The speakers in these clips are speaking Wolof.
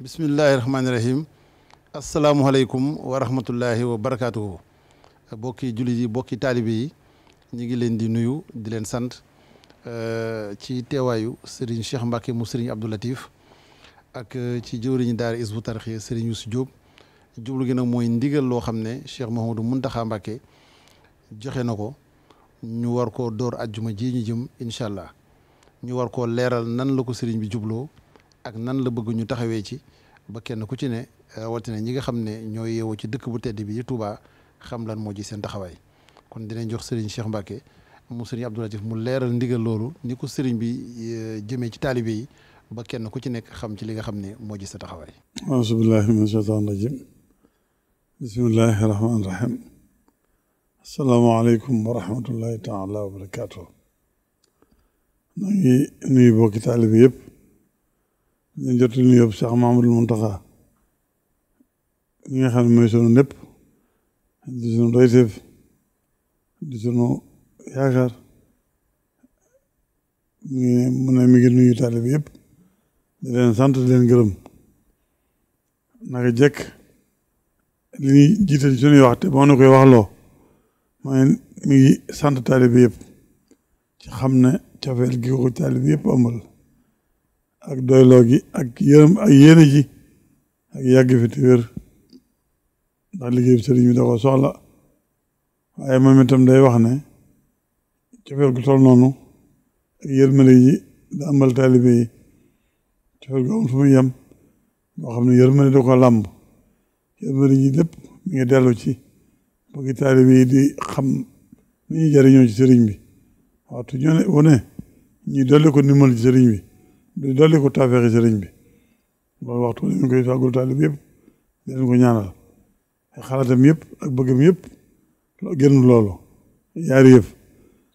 bismillahi rahmaani rahim asalaamualeykum wa rahmatullahi wa barakaatuhu bokki jullit yi bokki taalibe yi ñu ngi leen di nuyu di leen sant euh, ci teewaayu Serigne Cheikh Mbacke mu Serigne Abdou Latif ak euh, ci jëwriñu daara Hizbut Tarqiyyah Serigne si Diop jublu gi nag mooy ndigal loo xam ne Cheikh Mouhamadou Mountakha Mbacke joxe na ko ñu war koo door ajjuma ji ñu jëm incha allah ñu war ko leeral nan la ko Serigne bi jubloo ak nan la bëgg ñu taxawee ci ba kenn ku ci ne rawatina ñi nga xam ne ñoo yeewoo ci dëkk bu tedd bi di Touba xam lan moo ji seen taxawaay kon dinañ jox sëriñ Cheikh Mbacke mu Serigne Abdou Latif mu leeral ndigal loolu ni ko sëriñ bi euh, jëmee ci taalibe yi ba kenn ku ci nekk xam ci li nga xam ne moo ji sa taxawaay. auzu billaahi mina shaytaani rajiim bismillaahi rahmaani rahiim asalaamaaleykum wa rahmatullahi taala wa barakaatu. ñu ngi bokki taalibe yëpp. ñu jot ñu yóbbu Cheikh Mamadou Mountakha ñi nga xam ne mooy sunu lépp di sunu doyteef di sunu yaakaar mi ngi nuyu taalib yëpp di leen sant di leen gërëm naka jekk li jiital suñuy wax te moo nu koy waxloo mooy mi ngi sant taalib yëpp ci xam ne cofeel gi ko taalib yëpp amul ak doyloo gi ak yërëm ak yéene ji ak yàgg fi te ndax liggéey bi sëriñ bi da ko soxla waaye moom itam day wax ne cofeel gu tol noonu ak yërmande ji da amal yi cofeel gu amul fu muy yem moo xam ne yërmande da ko làmb yërmande ji lépp mi ngi dellu ci bëgg taalibe yi di xam ni ñuy jariñoo ci sëriñ bi waxtu ñu ne wu ne ñu ko ndimbal ci sëriñ bi di dolli ko tawfeexi sëriñ bi loolu waxtu ñu koy fàggul taalib yëpp di ko ñaanal xalaatam yëpp ak bëggam yëpp génn loolu yaari yëf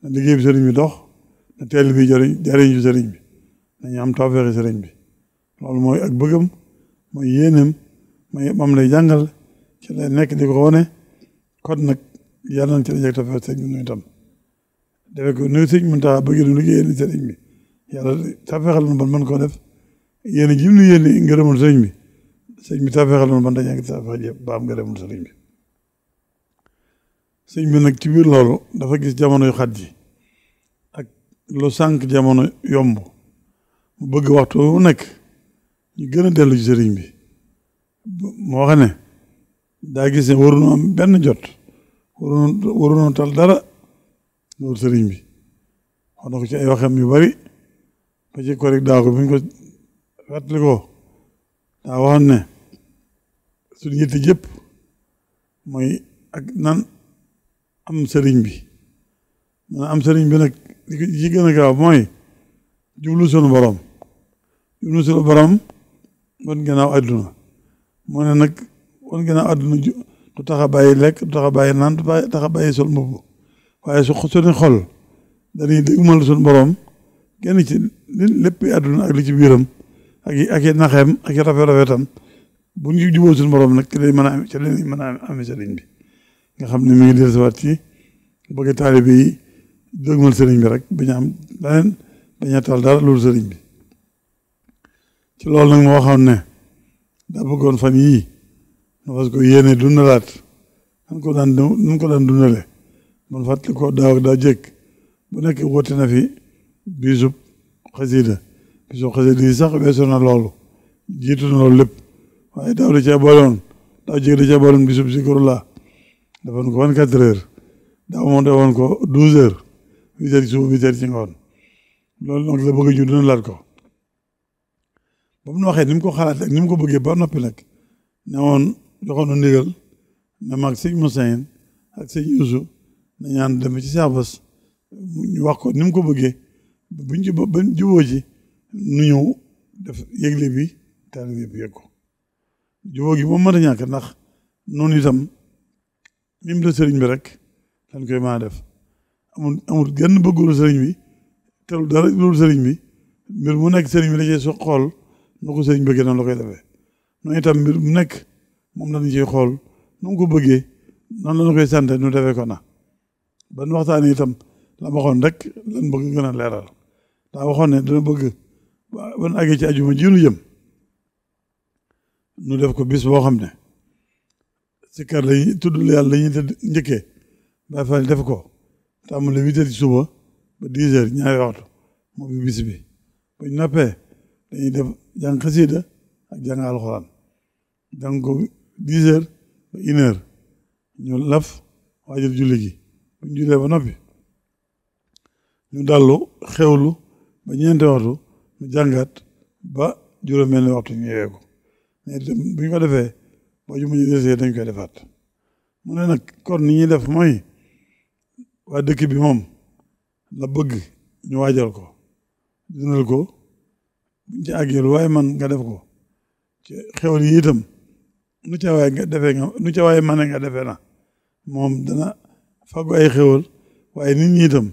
na liggéey bi sëriñ bi dox na teel bi jëriñ jëriñ sëriñ bi nañu am tawfeexi sëriñ bi loolu mooy ak bëggam mooy yéenam mooy moom lay jàngal ci lay nekk di ko wane kon nag yàlla ci la jeg tawfeex sëriñ bi nuy tam defe ko nuyu sëriñ Muntaxa bëgg nu sëriñ bi yàlla tafeexal na ban man koo def yéen a jim nu yéen ngërëmul sëriñ bi sëriñ bi tafeexal na ban dañaa ngi tafeex ba baam ngërëmul sëriñ bi sëñ bi nag ci biir loolu dafa gis jamono yu xat lu sànq jamono yomb mu bëgg waxtu wu nekk ñu gën a dellu ci sëriñ bi moo xam ne daa gis ne waruñoo am benn jot waruñoo tal dara loolu sëriñ bi wax na ay waxam yu bari ba ci korig daaw bi ñu ko fàttali ko daa waxoon ne suñu yitte yëpp mooy ak nan am sëriñ bi man am sëriñ bi nag li gën a gaaw mooy julu sunu borom jublu sunu borom wan gannaaw àdduna moo ne nag wan gannaaw àdduna du tax a bàyyi lekk du tax a naan du tax a sol mbubb waaye su sunu xol dañuy dégmal sunu borom genn ci lépp àdduna ak li ci biiram ak i ak i naxeem ak i bu ñu jubóo suñu morom nag ci lay mën a mën a am sëriñ bi nga xam ne mu ngi dellusiwaat ci bëgg taalibe yi dëgmal sëriñ bi rek bañ am leneen bañ a taal dara loolu sëriñ bi ci loolu nag moo xam ne daa bëggoon fan yii parce que yéene dundalaat nan ko daan nan ko daan dundale man ko daaw daa jëkk bu nekk woote na fi bisub xasida bisub xasida yi sax weesu na loolu na loolu lépp waaye daaw da cee boloon daaw jég da cee boloon bisub zikrullah defoon ko vingt quatre heures daaw moom defoon ko douze heures huit heures ci suba huit heures ci la bëgg ñu dina laat ko ba mu waxee ni ko xalaat ak ni mu ko bëggee ba noppi nag ne woon joxoon na ndigal ne mag sëñ Musayn ak na ñaan dem ci saabas ñu wax ko ni ko bëggee buñ ci bañ juboo ji nu ñëw def yëgle bi taalibe yëpp yëg ko juboo gi moom mën a ndax noonu itam lim la sëriñ bi rek dañ koy maa def amul amul genn bëggul sëriñ bi terul dara loolu sëriñ bi mbir mu nekk sëriñ bi la cay so xool nu ko sëriñ bëggee noonu la koy defee noonu itam mbir mu nekk moom lañ ciy xool nu ko bëggee noon la koy sante nu defee ko na ban waxtaan itam la waxoon rek la lan bëgg gën a leeral daa waxoon ne dana bëgg ban àggee ci ajuma ji nu jëm def ko bis boo xam ne si kar lañuy tudd yàlla dañuy te njëkke bay fay def ko tàmbale huit heures ci suba ba dix heures ñaari waxtu bi bis bi buñ nappee dañuy def jàng xasiida ak jàng alxuraan jàng ko dix heures ba une heure laf waajal julli gi buñ jullee ba noppi ñu dallu xewlu ba ñeenti waxtu mu jàngat ba juróom-benn waxtu ñu yeewee ko bu ñu ko defee boo ju muñu desee dañ koy defaat mu ne nag kon ni ñuy def mooy waa dëkk bi moom la bëgg ñu waajal ko dundal ko ci àggee waaye man nga def ko ci xewal yi itam nu ca waaye nga defee nga nu ca waaye nga defee na moom dana fàggu ay xewal waaye nit ñi itam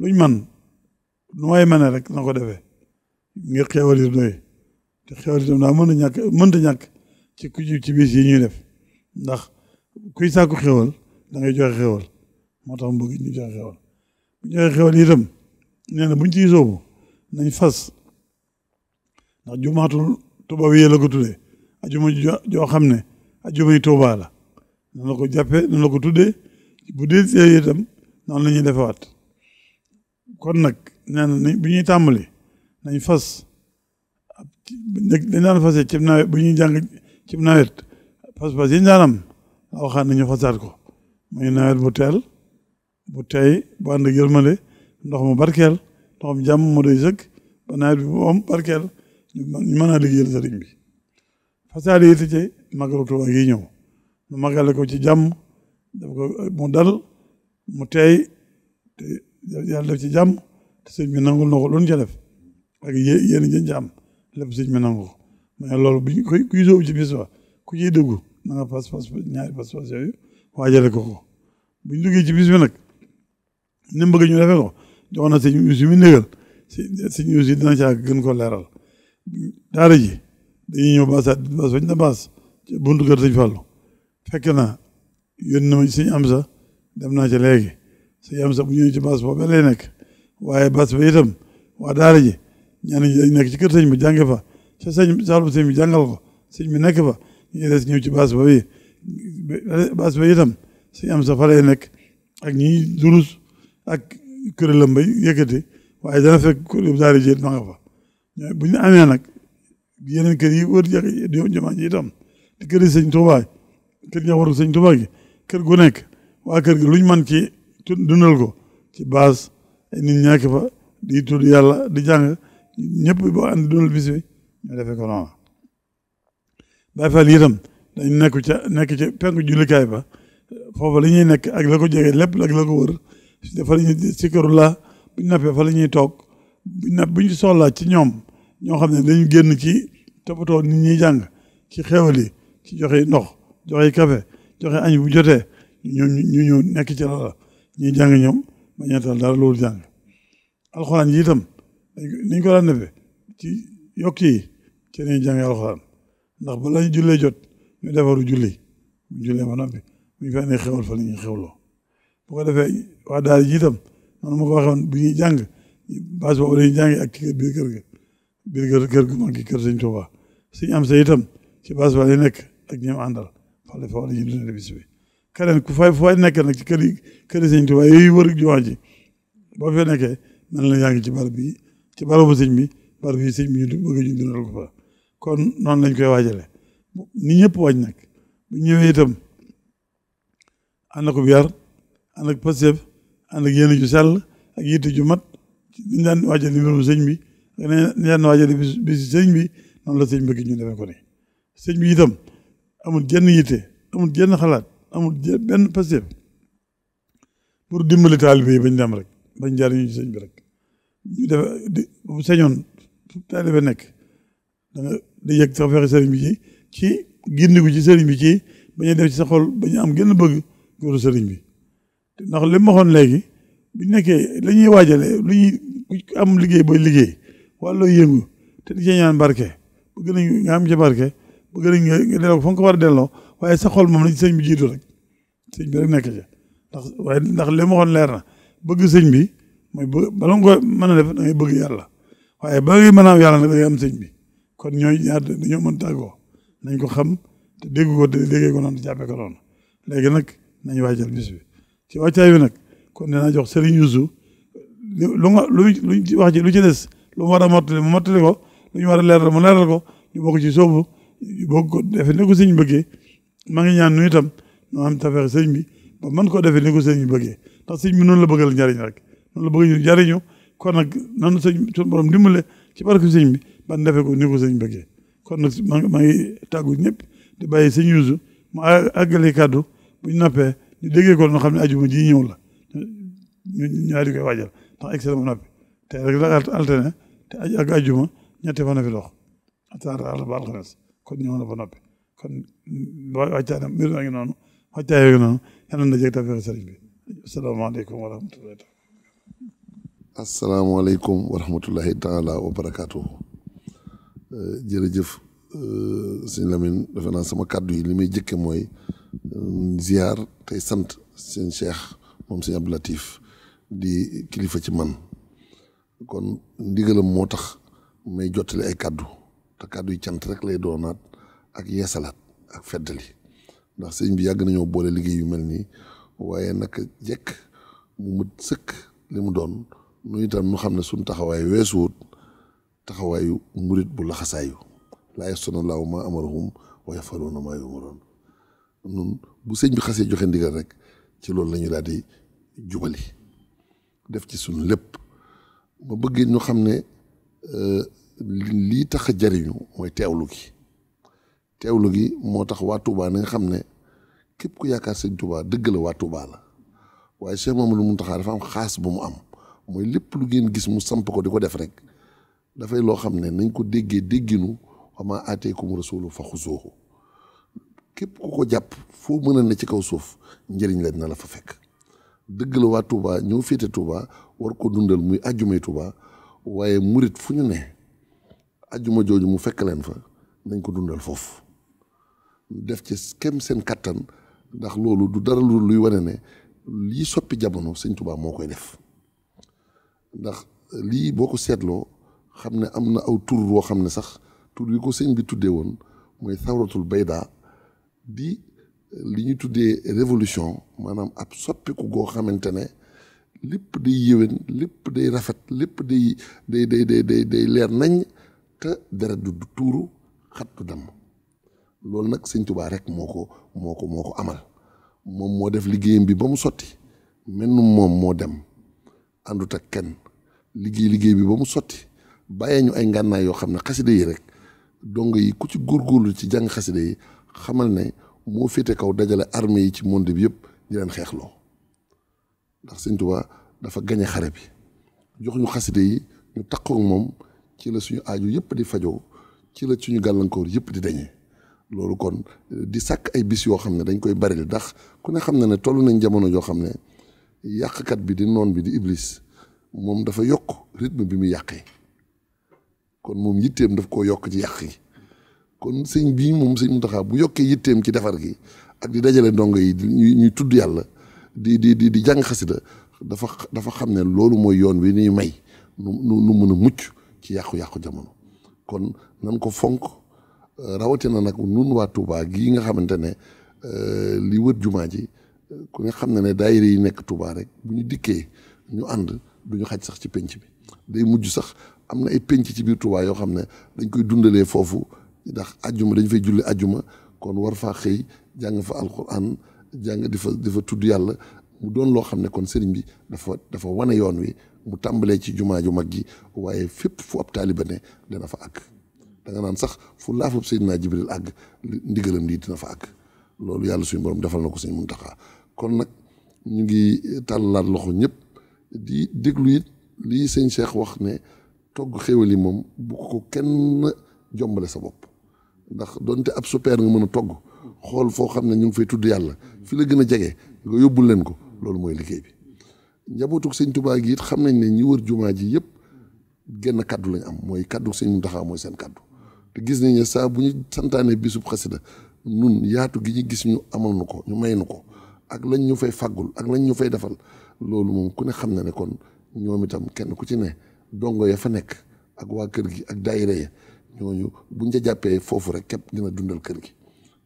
luñ man nu may mën rek na ko defee ngir xewal doy te xewal itam daa mën a ñàkk mënta ñàkk ci ku ci bis yi ñuy def ndax kuy sàkku xewal da ngay joxe xewal moo tax mu bëgg ñu joxe xewal bu joxe xewal itam nee na buñ ciy soobu nañ fas ndax jumaatul tubaab yi la ko tuddee ajuma joo xam ne ajumay tuubaa la noonu la ko jàppee noonu la ko tuddee bu dee itam noonu la ñuy defewaat kon nag nee na bu ñuy tàmbali nañ fas dañ bu ñuy jàng cib nawet fas-fas yi ñu daan am waxaat nañu fasaat ko muy nawet bu teel bu tey bu ànd ak yërmande ndox mu barkeel ndox mu jàmm mu doy sëkk ba nawet bi bu am barkeel ñu mën a liggéeyal sëriñ bi fasaat yi tëjee magalu Tuuba gi ñëw mu magale ko ci jàmm mu dal mu tey te yàlla def ci jàmm te sëñ bi nangul na ko loolu ca def ak yéen jën ca am lépp sëñ bi nangu ko loolu bu koy kuy sóobu ci bis ba ku ciy dëggu na nga pas pas ñaari pas yooyu waajale ko ko bu ñu duggee ci bis bi nag ni mu bëgg ñu defee ko jox na sëñ Yuusu mi négal sëñ Yuusu dina gën ko leeral daara ji dañuy ñëw baasaat baas fañ na baas ci buntu kër sëñ Fallou fekk na yónni na ma sëñ Amsa dem naa ci léegi sëñ Amsa bu ñëwee ci baas boobu lay nekk waaye bas ba itam waa daara ji ñenn ñi dañ nekk ci kër sëñ bi jànge fa ca sëñ saalum sëñ bi jàngal ko sëñ bi nekk fa ñu des ñëw ci bas ba bi bas ba itam sëñ am sa fa lay nekk ak ñi durus ak kuréelam bay yëkkati waaye dana fekk kuréel daara ji ma nga fa bu ñu amee nag yeneen kër yi wër jamaa ji itam di kër yi sëñ Tuubaa kër ña waru sëñ Tuubaa gi kër gu nekk waa kër gi luñ man ci dundal ko ci base nit ñàkk fa di tudd yàlla di jàng ñëpp boo ànd dundal bis bi ñu defee ko noonu Baay Faal itam dañ nekk ca nekk ca penku jullikaay ba foofa la ñuy nekk ak la ko jege lépp ak la ko wër dafa la ñuy sikkaru nappee fa la ñuy toog buñ napp buñ soxlaa ci ñoom ñoo xam ne dañu génn ci toppatoo nit ñuy jàng ci xéwal yi ci joxe ndox joxe café joxe añ bu jotee ñu ñu ñëw nekk ci loola ñuy jàng ñoom ma ñeentaal dara loolu jàng alxuraan ji itam niñ ko daan defee ci yokki yi ci lañuy jàngee ndax bala ñu jot ñu defaru julli ñu jullee ba noppi bu ñu fa nee xewal fa la ñuy xewloo bu ko defee waa daal jiitam itam man ma ko waxoon bu ñuy jàng base boobu dañuy jàngee ak ci biir kër ga biir kër kër gu mag gi kër sëñ Tuubaa suñu am sa itam ci base ba lay nekk ak ñoom àndal fa la fa la ñuy dundee bi keneen ku fay fay nekk nag ci kër yi kër yi sëñ Tuubaa yooyu wër jumaa ji boo fee nekkee mel na yaa ngi ci barab bi ci barabu sëñ bi barab yi sëñ bi ñu bëgg ñu ko fa kon noonu lañ koy waajale ni ñëpp waaj nag bu ñëwee itam ànd ko yar ànd ak paseb ànd ak yéene ju sell ak yitte ju mat niñ daan waajal di mbirum sëñ bi ak niñ daan bi si noonu la sëñ bëgg ñu defee ko ni sëñ bi itam amul jenn yitte amul jenn xalaat amul benn pastéef pour dimbali taalibe yi bañ dem rek bañ jariñu ci bi rek ñu def bu sañoon taalibe nekk da nga di yëg sax fexe sëriñ bi ci ci gindigu ci sëriñ bi ci bañ a def ci sa xol bañ am gën bëgg góoru sëriñ bi ndax li ma waxoon léegi bu nekkee la ñuy waajale lu ñuy am liggéey booy liggéey wàllu yëngu te di ca ñaan am ca barke bëgg nañ nga ko war a delloo waaye sa xol moom na sëñ bi jiitu rek sëñ bi rek nekk ci ndax waaye ndax li ma waxoon leer na bëgg sëñ bi mooy bëgg bala nga koy mën a def da bëgg yàlla waaye ba ngay mën a am yàlla nag am sëñ bi kon ñooy ñaar dañoo mën tàggoo nañ ko xam te dégg ko te déggee ko noonu te jàppee ko noonu léegi nag nañ waajal bis bi ci wàccaay bi nag kon dinaa jox sëriñ Youssou lu lu luñ ci wax ci lu ci des lu mu war a mottali mu mottali ko lu ñu war a leeral mu leeral ko ñu bokk ci soobu bokk ko defe ne ko sëñ bëggee maa ngi ñaan nu itam noo am tafeex sëñ bi ba man koo defee ni ko sëñ bi bëggee ndax sëñ bi noonu la bëggal njariñ rek noon la bëgg ñu jariñu kon nag nanu sëñ suñu borom dimbale ci barke sëñ bi ban defee ko ni ko sëñ bëggee kon nag maa ngi maa ngi tàggu ñëpp di bàyyi sëñ Yuusu mu àggale kàddu bu ñu nappee ñu xam ne ajuma ji ñëw la ñu ñaari koy waajal ndax excellent mu noppi te rek la alterné te ak ajuma ñetti fan a fi dox ataar alba kon ñëw na ba noppi kon wàccaanam mbir maa ngi noonu wàccaa yooyu noonu yal na jëg tafeex sëriñ bi asalaamaaleykum wa rahmatullahi euh, naa sama kàddu yi li may jëkke mooy euh, ziar tey sant sëñ Cheikh moom sëñ Abdou Latif di kilifa ci man kon ndigalam moo tax may jottali ay kàddu te kàddu yi cant rek lay doonaat ak yeesalaat ak feddali ndax sëñ bi yàgg nañoo boole liggéey yu mel nii waaye naka jekk mu mët sëkk li mu doon nu itam nu xam ne suñ taxawaayu weesuwut taxawaayu murit bu laxasaayu laa yastuna laahu maa amarahum wa yafaluuna maa yumaroon nun bu sëñ bi xasee joxe ndigal rek ci loolu lañuy daal di jubali def ci suñ lépp ma bëggee ñu xam ne euh, lii tax a jariñu mooy teewlu gi teewlu gi moo tax waa Touba na nga xam ne képp ku yaakaar sëñ Touba dëgg la waa Touba la waaye Cheikh Mamadou Mountakha dafa am xaas bu mu am mooy lépp lu ngeen gis mu samp ko di ko def rek dafay loo xam ne nañ ko déggee dégginu xama aateykum rasulu fa xusuuxu képp ku ko jàpp foo mën a ne ci kaw suuf njëriñ la dina la fa fekk dëgg la waa Touba ñëw féete Touba war ko dundal muy ajjumay Touba waaye murit fu ñu ne ajjuma jooju mu fekk leen fa nañ ko dundal foofu def ci kem seen kattan ndax loolu du dara lu luy wane ne lii soppi jamono sëñ Tuubaa moo koy def ndax lii boo ko seetloo xam ne am na aw tur woo xam ne sax tur yi ko sëñ bi tuddee woon mooy sawratul bayda di li ñu tuddee révolution maanaam ab soppiku goo xamante ne lépp day yéwén lépp day rafet lépp day day day day day leer nañ te deret du tuuru xat du damm loolu nag sëñ Tuubaa rek moo ko moo ko moo ko amal moom moo def liggéeyam bi ba mu sotti mel ni moom moo dem àndut ak kenn liggéey liggéey bi ba mu sotti bàyyee ñu ay ngànnaay yoo xam ne xasida yi rek dong yi ku ci góorgóorlu ci jàng xasida yi xamal ne moo féete kaw dajale armée yi ci monde bi yëpp ñu leen xeexloo ndax sëñ Tuubaa dafa gañe xare bi jox ñu xasida yi ñu takkook moom ci la suñu aaju yëpp di fajoo ci la suñu gàllankoor yëpp di dañee loolu kon di sàkk ay bis yoo xam ne dañ koy bari ndax ku ne xam na ne toll nañ jamono joo xam ne yàqkat bi di noon bi di iblis moom dafa yokk rythme bi mu yàqee kon moom yitteem daf koo yokk ci yàq yi kon sëñ bii moom sëñ Muntaxa bu yokkee yitteem ci defar gi ak di dajale ndongo yi ñuy tudd yàlla di di di di jàng xasida dafa dafa xam ne loolu mooy yoon wi ñuy may nu nu mën a mucc ci yàqu-yàqu jamono kon nan ko fonk rawatina nag nun waa Touba gii nga xamante ne euh, li wër jumaa ji ku nga xam ne ne daayira yi nekk Touba rek bu ñu dikkee ñu ànd duñu xaj sax ci penc bi day mujj sax am na ay penc ci biir Touba yoo xam ne dañ koy dundalee foofu ndax ajjuma dañ fay julli ajjuma kon war faa xëy jàng fa alquran jàng di fa di fa tudd yàlla mu doon loo xam ne kon sëriñ bi dafa dafa wane yoon wi mu tàmbalee ci jumaa ju mag ji waaye fépp fu ab taaliba ne dana fa ak danga naan sax fu laafub Seydina Jibril àgg ndigalam lii na fa àgg loolu yàlla suñu borom defal na ko suñu Muntaxa kon nag ñu ngi tàllalaat loxo ñëpp di déglu it lii sëñ Cheikh wax ne togg xéwal yi moom bu ko kenn jombale sa bopp ndax doonte ab super nga mën a togg xool foo xam ne ñu ngi fay tudd yàlla fi la gën a jege nga yóbbul leen ko loolu mooy liggéey bi njabootu sëñ Tuubaa gi it xam nañ ne ñi wër jumaa ji yëpp genn kàddu lañ am mooy kàddu sëñ Muntaxa mooy seen kàddu gis nañ ne saa bu ñu santaane bisub xasida nun yaatu gi ñu gis ñu amal nu ko ñu may na ko ak lañ ñu fay faggul ak lañ ñu fay defal loolu moom ku ne xam na ne kon ñoom itam kenn ku ci ne dongo ya fa nekk ak waa kër gi ak daayira ya ñooñu buñ ca jàppee foofu rek képp dina dundal kër gi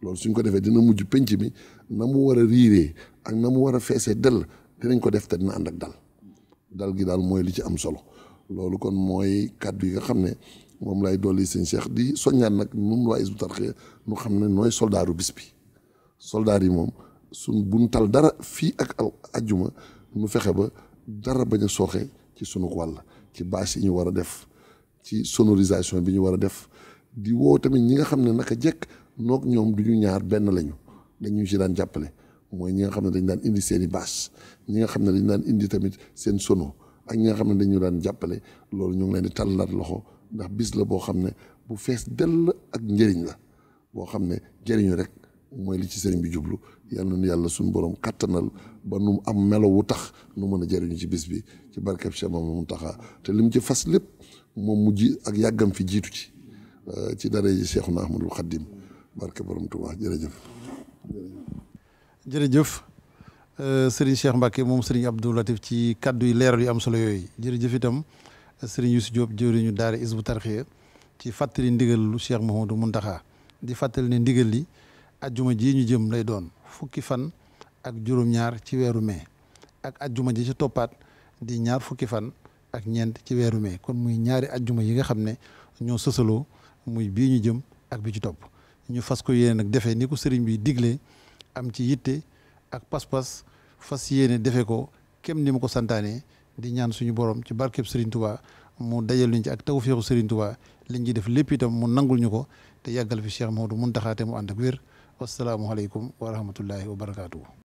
loolu suñ ko defee dina mujj penc mi na mu war a riiree ak na mu war a feesee dell dinañ ko def te dina ànd ak dal dal gi daal mooy li ci am solo loolu kon mooy kàddu yi xam ne moom lay dolli sëñ Cheikh di soññaan nag moom waa Hizbut Tarqiyyah nu xam ne nooy soldaaru bis bi soldaar yi moom suñ buñ tal dara fii ak al ajjuma nu fexe ba dara bañ a ci sunu wàll ci baas yi ñu war a def ci sonorisation bi ñu war a def di woo tamit ñi nga xam ne naka jekk noog ñoom du ñu ñaar benn lañu dañu ci daan jàppale mooy ñi nga xam ne dañu daan indi seen i bâche ñi nga xam ne dañ daan indi tamit seen sono ak ñi nga xam ne dañu daan jàppale loolu ñu ngi leen di tàllaat loxo ndax bis la boo xam ne bu fees dell ak njëriñ la boo xam ne jëriñu rek mooy li ci sëriñ bi jublu yal nu yàlla suñu borom kàttanal ba nu am melo wu tax nu mën a jëriñu ci bis bi ci barkeb Cheikh Mamadou Mountakha te lim ci fas lépp moom mu ji ak yàggam fi jiitu ci euh, ci dara ji Cheikhuna Ahmadul Xaddim barke borom Tuubaa jërëjëf. jërëjëf euh, sëriñ Cheikh Mbacke moom sëriñ Abdou Latif ci kàddu yi leeral yu am solo yooyu jërëjëf itam. Serigne Youssou Diop jëwriñu daara Hizbut Tarqiyyah ci fàttali ndigal lu Cheikh Mouhamadou Mountakha di fàttali ne ndigal li ajjuma ji ñu jëm lay doon fukki fan ak juróom-ñaar ci weeru mai ak ajjuma ji ci toppaat di ñaar fukki fan ak ñeent ci weeru mai kon muy ñaari ajjuma yi nga xam ne ñoo sësaloo muy bii ñu jëm ak bi ci topp ñu fas ko yéene nag defee ni ko sëriñ bi diglee am ci yitte ak pas-pas fas yéene defee ko kem ni mu ko santaane di ñaan suñu borom ci barkeb Serigne Touba mu dajal ñu ci ak tawféexu Serigne Touba liñ ci def lépp itam mu nangul ñu ko te yàggal fi Cheikh Maodo mun taxaate mu ànd ak wér wasalaamualeykum wa rahmatullahi wa barakaatu.